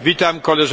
witam koleżanki